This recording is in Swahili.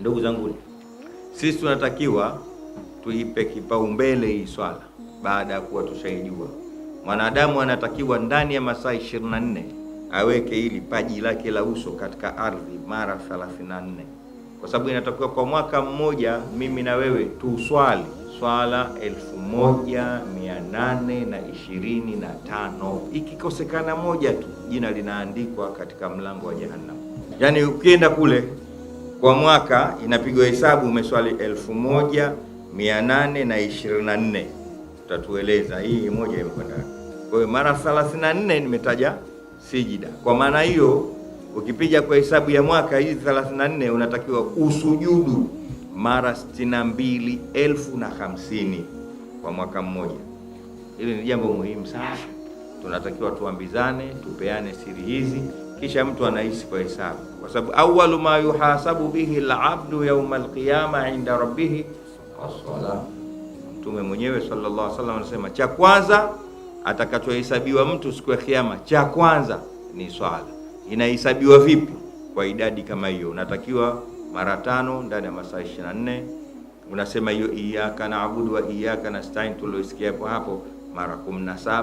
Ndugu zangu, sisi tunatakiwa tuipe kipaumbele hii swala baada ya kuwa tushaijua. Mwanadamu anatakiwa ndani ya masaa 24 aweke hili paji lake la uso katika ardhi mara 34 kwa sababu inatakiwa kwa mwaka mmoja mimi na wewe tuswali swala 1825. Ikikosekana moja tu jina linaandikwa katika mlango wa Jahannam. Yaani ukienda kule kwa mwaka inapigwa hesabu umeswali elfu moja mia nane na ishirini na nne tutatueleza hii moja imekwenda. Kwa hiyo mara 34 nimetaja sijida. Kwa maana hiyo ukipiga kwa hesabu ya mwaka hizi 34 unatakiwa usujudu mara sitini na mbili elfu na hamsini kwa mwaka mmoja. Hili ni jambo muhimu sana, tunatakiwa tuambizane, tupeane siri hizi kisha mtu anaishi kwa hesabu, kwa sababu awwalu ma yuhasabu bihi al-abdu yawma al-qiyama inda rabbih as-sala. Mtume mwenyewe sallallahu alaihi wasallam anasema cha kwanza atakachohesabiwa mtu siku ya kiyama, cha kwanza ni swala. Inahesabiwa vipi? Kwa idadi kama hiyo, unatakiwa mara tano ndani ya masaa 24. Unasema hiyo iyyaka na'budu wa iyyaka nasta'in tulioisikia hapo hapo mara 17